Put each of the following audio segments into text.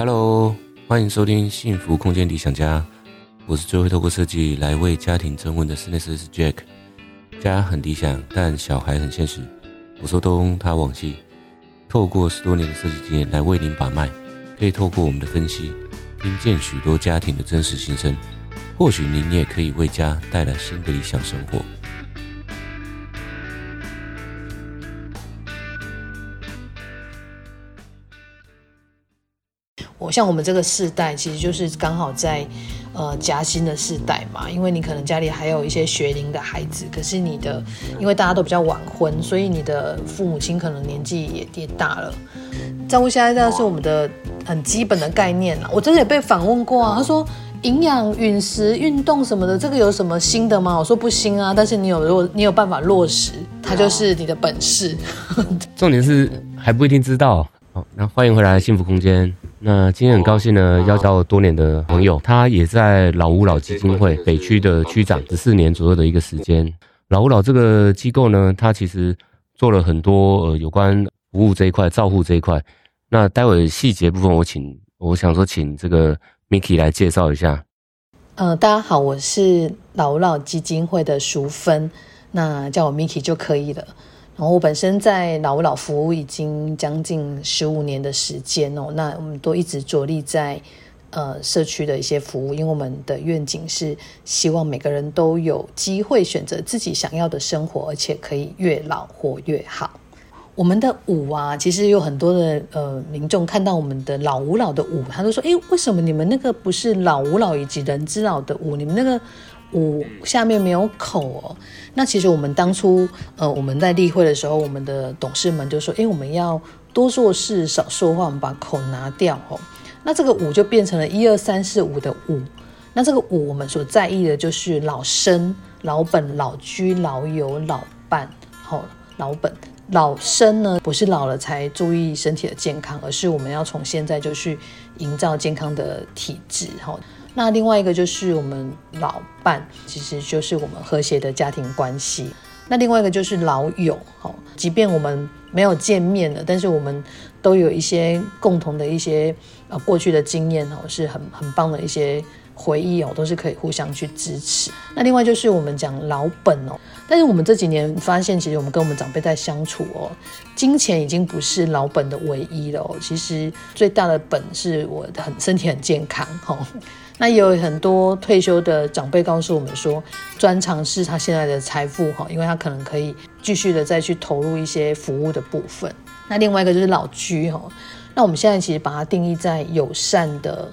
Hello，歡迎收聽《幸福空間理想家》，我是最會透過設計來為家庭升溫的室內 e s Jack。家很理想，但小孩很現實。我收東他往西，透過十多年的設計經驗來為您把脈，可以透過我們的分析，聽見許多家庭的真實心聲，或許您也可以為家帶來新的理想生活。我像我們這個世代，其實就是剛好在，呃夾心的世代嘛。因為你可能家裡還有一些學齡的孩子，可是你的，因為大家都比較晚婚，所以你的父母親可能年紀也也大了。照顧下一代是我們的很基本的概念啊，我真的也被訪問過啊，他說營養、飲食、運動什麼的，這個有什麼新的嗎？我說不新啊，但是你有如果你有辦法落實，它就是你的本事。 重點是還不一定知道。好，那歡迎回來幸福空間。那今天很高興呢，哦、要交多年的朋友，啊、他也在老吾老基金會北區的區長，十四年左右的一個時間。嗯、老吾老這個機構呢，他其實做了很多呃有關服務這一塊、照護這一塊。那待會細節部分，我請我想說請這個 Miki 來介紹一下。呃，大家好，我是老吾老基金會的淑芬，那叫我 Miki 就可以了。然後我本身在老吾老服務已經將近十五年的時間哦，那我們都一直着力在呃社區的一些服務，因為我們的願景是希望每個人都有機會選擇自己想要的生活，而且可以越老活越好。我們的舞啊，其實有很多的呃民眾看到我們的老吾老的舞，他都說：哎，為什麼你們那個不是老吾老以及人之老的舞？你們那個。五下面沒有口哦，那其實我們當初，呃，我們在例會的時候，我們的董事們就說，因為我們要多做事少說話，我們把口拿掉哦。那這個五就變成了一二三四五的五。那這個五我們所在意的就是老生、老本、老居、老友、老伴，好，哦，老本、老生呢，不是老了才注意身體的健康，而是我們要從現在就去營造健康的體質，好，哦。那另外一個就是我們老伴，其實就是我們和諧的家庭關係。那另外一個就是老友，好，即便我們沒有見面了，但是我們都有一些共同的一些過去的經驗哦，是很很棒的一些回憶哦，都是可以互相去支持。那另外就是我們講老本哦，但是我們這幾年發現，其實我們跟我們長輩在相處哦，金錢已經不是老本的唯一了。哦，其實最大的本是我很身體很健康哦。那也有很多退休的長輩告訴我們說，專長是他現在的財富吼，因為他可能可以繼續的再去投入一些服務的部分。那另外一個就是老居吼，那我們現在其實把它定義在友善的、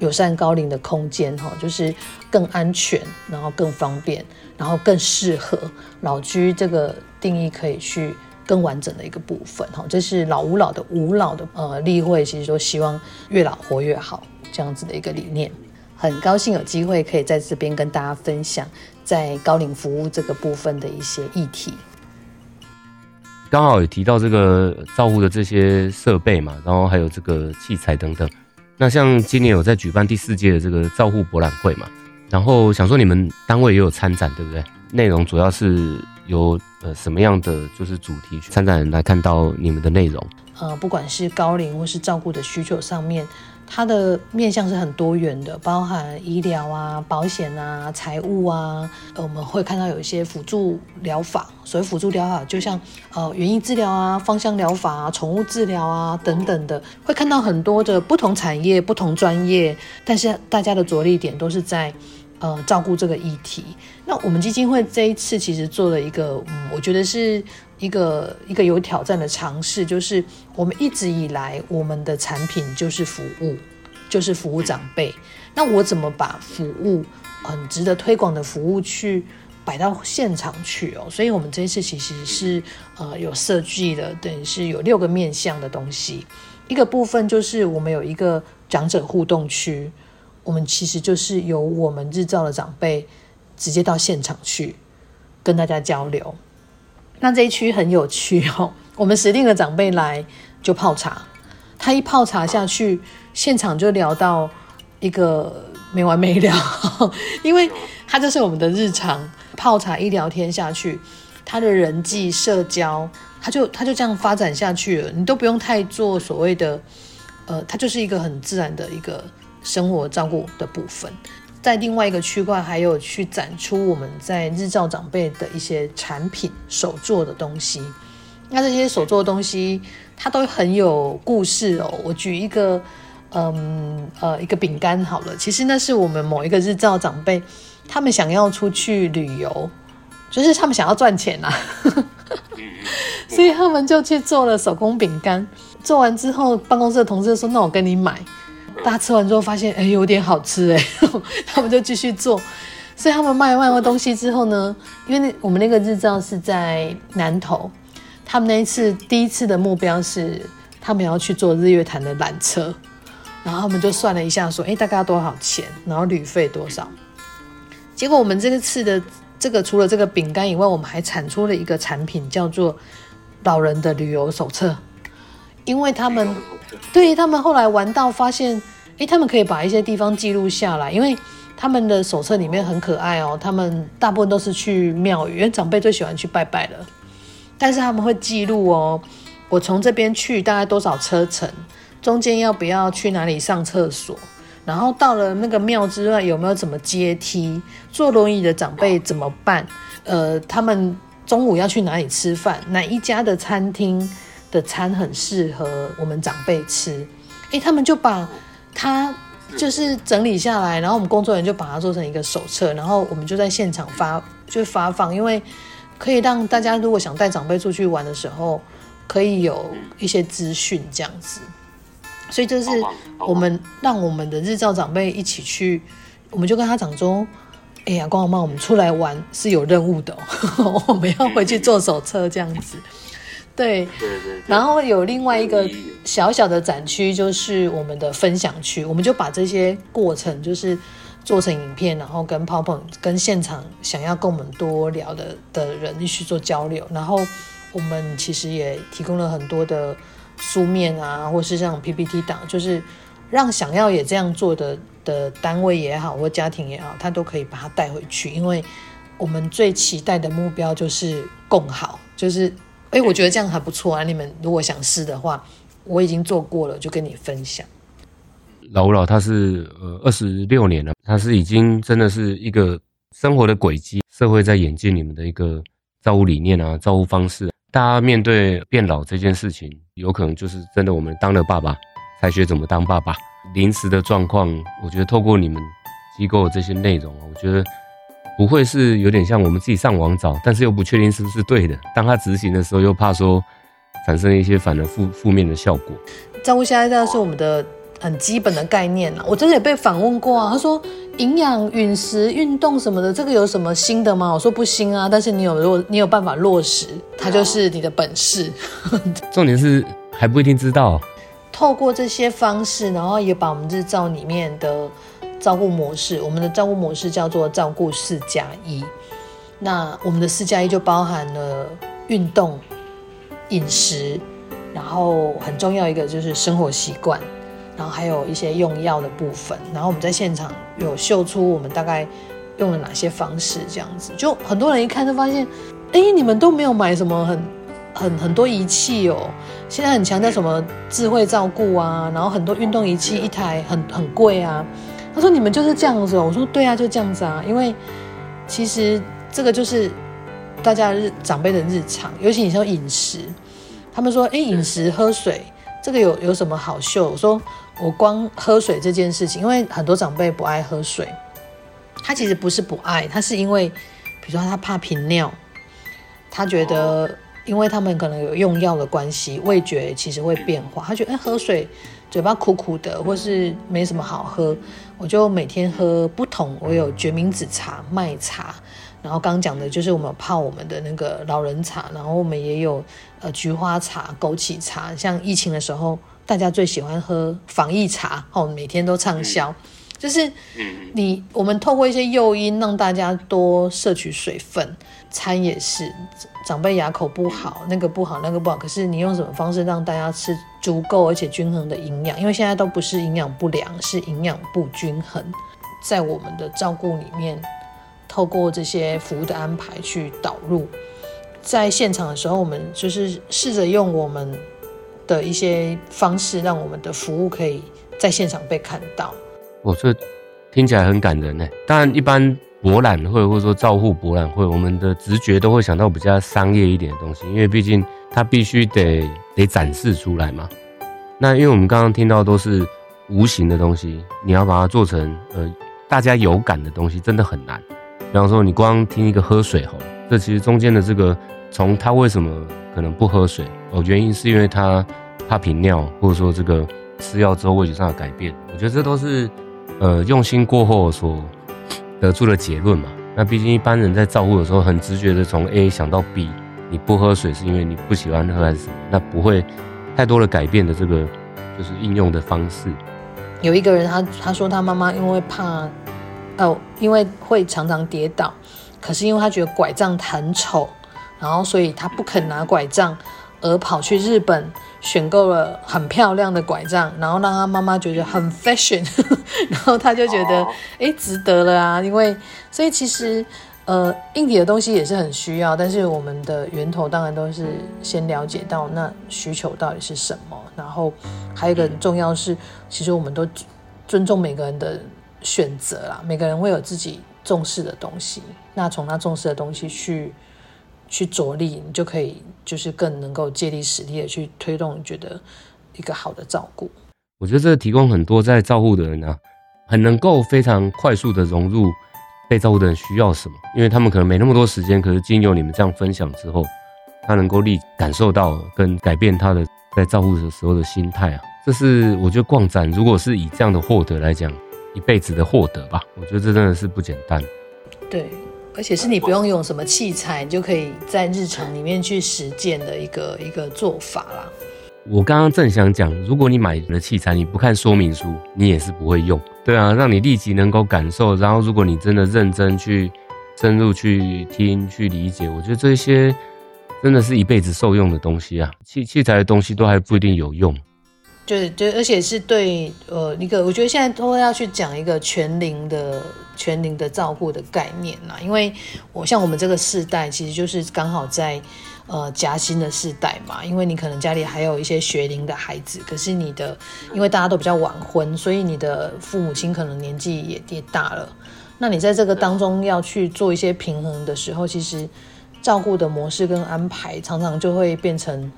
友善高齡的空間哈，就是更安全，然後更方便，然後更適合老居這個定義可以去更完整的一個部分哈。這是老吾老的吾老的呃例會，其實說，希望越老活越好這樣子的一個理念。很高興有機會可以在這邊跟大家分享在高齡服務這個部分的一些議題。剛好有提到這個照護的這些設備嘛，然後還有這個器材等等。那像今年有在舉辦第四屆的這個照護博覽會嘛，然後想說你們單位也有參展，對不對？內容主要是由呃什麼樣的就是主題參展人來看到你們的內容。呃，不管是高齡或是照顧的需求上面，它的面向是很多元的，包含醫療啊、保險啊、財務啊，呃，我們會看到有一些輔助療法。所謂輔助療法，就像呃，園藝治療啊、芳香療法啊、寵物治療啊等等的，會看到很多的不同產業、不同專業，但是大家的着力點都是在。呃、嗯，照顧這個議題。那我們基金會這一次其實做了一個，嗯、我覺得是一個一個有挑戰的嘗試，就是我們一直以來我們的產品就是服務，就是服務長輩。那我怎麼把服務很、嗯、值得推廣的服務去擺到現場去哦？所以我們這一次其實是呃有設計的，等於是有六個面向的東西。一個部分就是我們有一個長者互動區。我們其實就是由我們日照的長輩直接到現場去跟大家交流，那這一區很有趣哦，我們指定的長輩來就泡茶，他一泡茶下去，現場就聊到一個沒完沒了，因為他就是我們的日常泡茶一聊天下去，他的人際社交，他就他就這樣發展下去了，你都不用太做所謂的，呃，他就是一個很自然的一個。生活照顧的部分，在另外一個區塊還有去展出我們在日照長輩的一些產品手做的東西。那這些手做的東西，它都很有故事哦。我舉一個，嗯呃，一個餅乾好了。其實那是我們某一個日照長輩，他們想要出去旅遊，就是他們想要賺錢啊 所以他們就去做了手工餅乾。做完之後，辦公室的同事就說：“那我跟你買。”大家吃完之後發現，哎、欸，有點好吃哎，他們就繼續做。所以他們賣完東西之後呢，因為我們那個日照是在南投，他們那一次第一次的目標是他們要去坐日月潭的纜車，然後他們就算了一下，說，哎、欸，大概要多少錢，然後旅費多少。結果我們這次的這個除了這個餅乾以外，我們還產出了一個產品，叫做老人的旅遊手冊。因為他們對於他們後來玩到發現，誒，他們可以把一些地方記錄下來，因為他們的手冊裡面很可愛哦。他們大部分都是去廟宇，因為長輩最喜歡去拜拜了。但是他們會記錄哦，我從這邊去大概多少車程，中間要不要去哪裡上廁所，然後到了那個廟之外有沒有怎麼階梯，坐輪椅的長輩怎麼辦？呃，他們中午要去哪裡吃飯，哪一家的餐廳？的餐很適合我們長輩吃，哎、欸，他們就把它就是整理下來，然後我們工作人員就把它做成一個手冊，然後我們就在現場發，就發放，因為可以讓大家如果想帶長輩出去玩的時候，可以有一些資訊這樣子。所以就是我們讓我們的日照長輩一起去，我們就跟他講說，哎、欸、呀，光好媽，我們出來玩是有任務的、哦、 我們要回去做手冊這樣子。對，對，對對，然後有另外一個小小的展區，就是我們的分享區，我們就把這些過程就是做成影片，然後跟泡泡跟現場想要跟我們多聊的的人一起做交流，然後我們其實也提供了很多的書面啊，或是像 PPT 檔，就是讓想要也這樣做的的單位也好，或家庭也好，他都可以把它帶回去，因為我們最期待的目標就是共好，就是。哎、欸，我覺得這樣還不錯啊！你們如果想試的話，我已經做過了，就跟你分享。老吾老，他是呃二十六年了，他是已經真的是一個生活的軌跡，社會在演進你們的一個照顧理念啊，照顧方式、啊。大家面對變老這件事情，有可能就是真的我們當了爸爸才學怎麼當爸爸。臨時的狀況，我覺得透過你們機構的這些內容啊，我覺得。不會是有點像我們自己上網找，但是又不確定是不是對的。當他執行的時候，又怕說產生一些反的負負面的效果。照顧下一代是我們的很基本的概念啊！我真的也被訪問過啊，他說營養、飲食、運動什麼的，這個有什麼新的嗎？我說不新啊，但是你有如果你有辦法落實，它就是你的本事。 重點是還不一定知道。透過這些方式，然後也把我們日照裡面的。照顧模式，我們的照顧模式叫做照顧四加一。那我們的四加一就包含了運動、飲食，然後很重要一個就是生活習慣，然後還有一些用藥的部分。然後我們在現場有秀出我們大概用了哪些方式，這樣子就很多人一看就發現，哎，你們都沒有買什麼很很很多儀器哦。現在很強調什麼智慧照顧啊，然後很多運動儀器一台很很貴啊。他說：“你們就是這樣子、喔。”我說：“對啊，就這樣子啊。”因為其實這個就是大家日長輩的日常，尤其你像飲食，他們說：“誒、欸，飲食喝水這個有有什麼好秀？”我說：“我光喝水這件事情，因為很多長輩不愛喝水，他其實不是不愛，他是因為比如說他怕頻尿，他覺得因為他們可能有用藥的關係，味覺其實會變化，他覺得、欸、喝水。”嘴巴苦苦的，或是沒什麼好喝，我就每天喝不同。我有決明子茶、麥茶，然後剛剛講的就是我們泡我們的那個老人茶，然後我們也有呃菊花茶、枸杞茶。像疫情的時候，大家最喜歡喝防疫茶，哦，每天都暢銷。就是你，你、嗯、我們透過一些誘因讓大家多攝取水分，餐也是，長輩牙口不好，那個不好，那個不好。可是你用什麼方式讓大家吃足夠而且均衡的營養？因為現在都不是營養不良，是營養不均衡。在我們的照顧裡面，透過這些服務的安排去導入，在現場的時候，我們就是試着用我們的一些方式，讓我們的服務可以在現場被看到。我、哦，這聽起來很感人呢。但一般博覽會或者說照護博覽會，我們的直覺都會想到比較商業一點的東西，因為畢竟它必須得得展示出來嘛。那因為我們剛剛聽到都是無形的東西，你要把它做成呃大家有感的東西，真的很難。比方說，你光聽一個喝水吼，這其實中間的這個從他為什麼可能不喝水哦，原因是因為他怕頻尿，或者說這個吃藥之後味覺上的改變，我覺得這都是。呃，用心過後所得出的結論嘛，那畢竟一般人在照顧的時候，很直覺的從 A 想到 B，你不喝水是因為你不喜歡喝還是什麼？那不會太多的改變的這個就是應用的方式。有一個人他、他他說他媽媽因為怕，哦、呃，因為會常常跌倒，可是因為他覺得拐杖很醜，然後所以他不肯拿拐杖，而跑去日本，選購了很漂亮的拐杖，然後讓他媽媽覺得很 fashion， 然後他就覺得哎、欸、值得了啊，因為所以其實呃硬體的東西也是很需要，但是我們的源頭當然都是先了解到那需求到底是什麼，然後還有一個很重要是，其實我們都尊重每個人的選擇啦，每個人會有自己重視的東西，那從他重視的東西去去着力，你就可以。就是更能夠借力使力的去推動，覺得一個好的照顧。我覺得這提供很多在照顧的人啊，很能夠非常快速的融入被照顧的人需要什麼，因為他們可能沒那麼多時間。可是經由你們這樣分享之後，他能夠立即感受到跟改變他的在照顧的時候的心態啊，這是我覺得逛展如果是以這樣的獲得來講，一輩子的獲得吧，我覺得這真的是不簡單。對。而且是你不用用什麼器材，你就可以在日常裡面去實踐的一個一個做法啦。我剛剛正想講，如果你買了器材，你不看說明書，你也是不會用。對啊，讓你立即能夠感受。然後，如果你真的認真去深入去聽去理解，我覺得這些真的是一輩子受用的東西啊。器器材的東西都還不一定有用。就是對，而且是對呃一個，我覺得現在都要去講一個全齡的全齡的照顧的概念啦。因為我像我們這個世代，其實就是剛好在呃夾心的世代嘛。因為你可能家裡還有一些學齡的孩子，可是你的因為大家都比較晚婚，所以你的父母親可能年紀也也大了。那你在這個當中要去做一些平衡的時候，其實照顧的模式跟安排常常就會變成。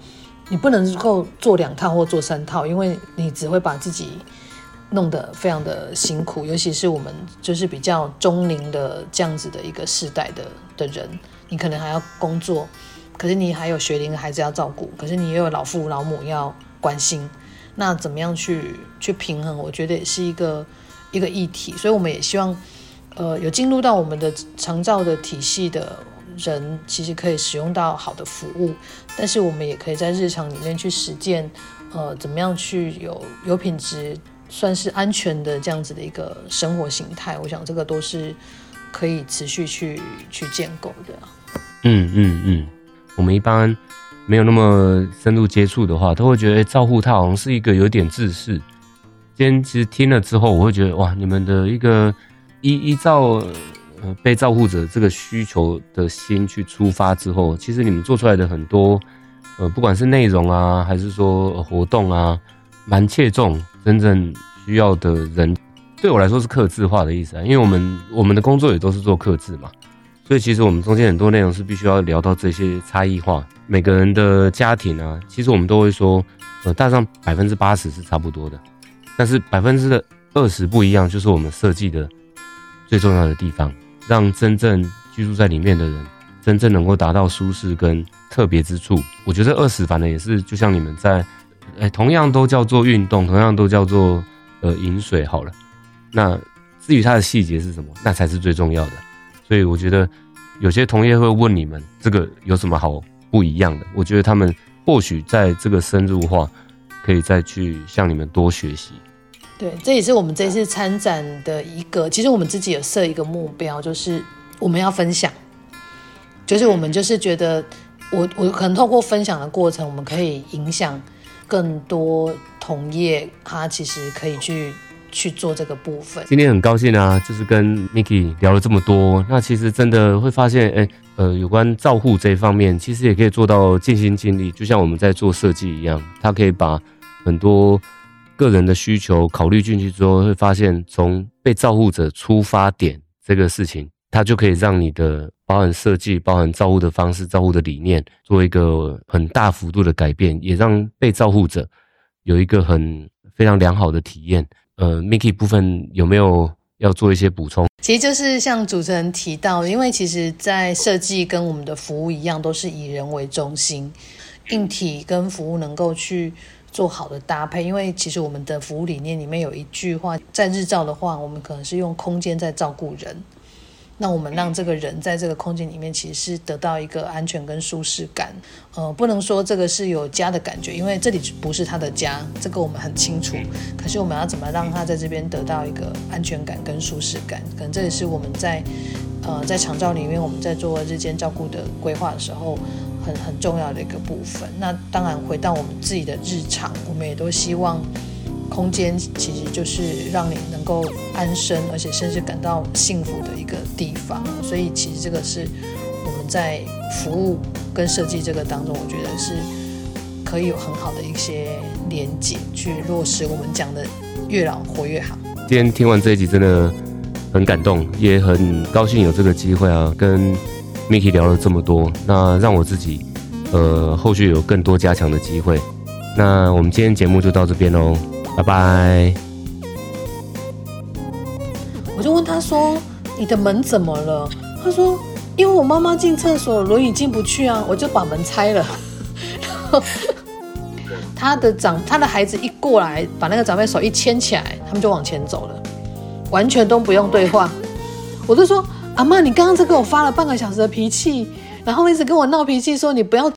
你不能夠做兩套或做三套，因為你只會把自己弄得非常的辛苦。尤其是我們就是比較中齡的這樣子的一個世代的的人，你可能還要工作，可是你還有學齡的孩子要照顧，可是你也有老父老母要關心，那怎麼樣去去平衡？我覺得也是一個一個議題。所以我們也希望，呃，有進入到我們的長照的體系的。人其實可以使用到好的服務，但是我們也可以在日常裡面去實踐，呃，怎麼樣去有有品質、算是安全的這樣子的一個生活形態？我想這個都是可以持續去去建構的。嗯嗯嗯，我們一般沒有那麼深入接觸的話，都會覺得、欸、照顧他好像是一個有點自私。今天其實聽了之後，我會覺得哇，你們的一個依依照。呃，被照護者這個需求的心去出發之後，其實你們做出來的很多，呃，不管是內容啊，還是說活動啊，蠻切中真正需要的人。對我來說是客製化的意思啊，因為我們我們的工作也都是做客製嘛，所以其實我們中間很多內容是必須要聊到這些差異化。每個人的家庭啊，其實我們都會說，呃，大上百分之八十是差不多的，但是百分之二十不一樣，就是我們設計的最重要的地方。讓真正居住在裡面的人真正能夠達到舒適跟特別之處，我覺得二十反正也是，就像你們在，哎，同樣都叫做運動，同樣都叫做呃飲水好了。那至於它的細節是什麼，那才是最重要的。所以我覺得有些同業會問你們這個有什麼好不一樣的？我覺得他們或許在這個深入化，可以再去向你們多學習。對，這也是我們這次參展的一個。其實我們自己有設一個目標，就是我們要分享，就是我們就是覺得我，我我可能通過分享的過程，我們可以影響更多同業，他其實可以去去做這個部分。今天很高興啊，就是跟 Miki 聊了這麼多，那其實真的會發現，哎，呃，有關照護這一方面，其實也可以做到盡心盡力，就像我們在做設計一樣，他可以把很多。個人的需求考慮進去之後，會發現從被照護者出發點這個事情，它就可以讓你的包含設計、包含照護的方式、照護的理念做一個很大幅度的改變，也讓被照護者有一個很非常良好的體驗。呃，Miki 部分有沒有要做一些補充？其實就是像主持人提到，因為其實，在設計跟我們的服務一樣，都是以人為中心，硬體跟服務能夠去。做好的搭配，因為其實我們的服務理念裡面有一句話，在日照的話，我們可能是用空間在照顧人。那我們讓這個人在這個空間裡面，其實是得到一個安全跟舒適感。呃，不能說這個是有家的感覺，因為這裡不是他的家，這個我們很清楚。可是我們要怎麼讓他在這邊得到一個安全感跟舒適感？可能這也是我們在呃在長照裡面，我們在做日間照顧的規劃的時候，很很重要的一個部分。那當然，回到我們自己的日常，我們也都希望。空間其實就是讓你能夠安身，而且甚至感到幸福的一個地方。所以，其實這個是我們在服務跟設計這個當中，我覺得是可以有很好的一些連接去落實我們講的越老活越好。今天聽完這一集，真的很感動，也很高興有這個機會啊，跟 Miki 聊了這麼多。那讓我自己呃，後續有更多加強的機會。那我們今天節目就到這邊嘍。嗯拜拜！我就問他說：“你的門怎麼了？”他說：“因為我媽媽進廁所，輪椅進不去啊！”我就把門拆了。然 後他的長，他的孩子一過來，把那個長輩手一牽起來，他們就往前走了，完全都不用對話。我就說：“阿媽，你剛剛才給我發了半個小時的脾氣，然後一直跟我鬧脾氣，說你不要。”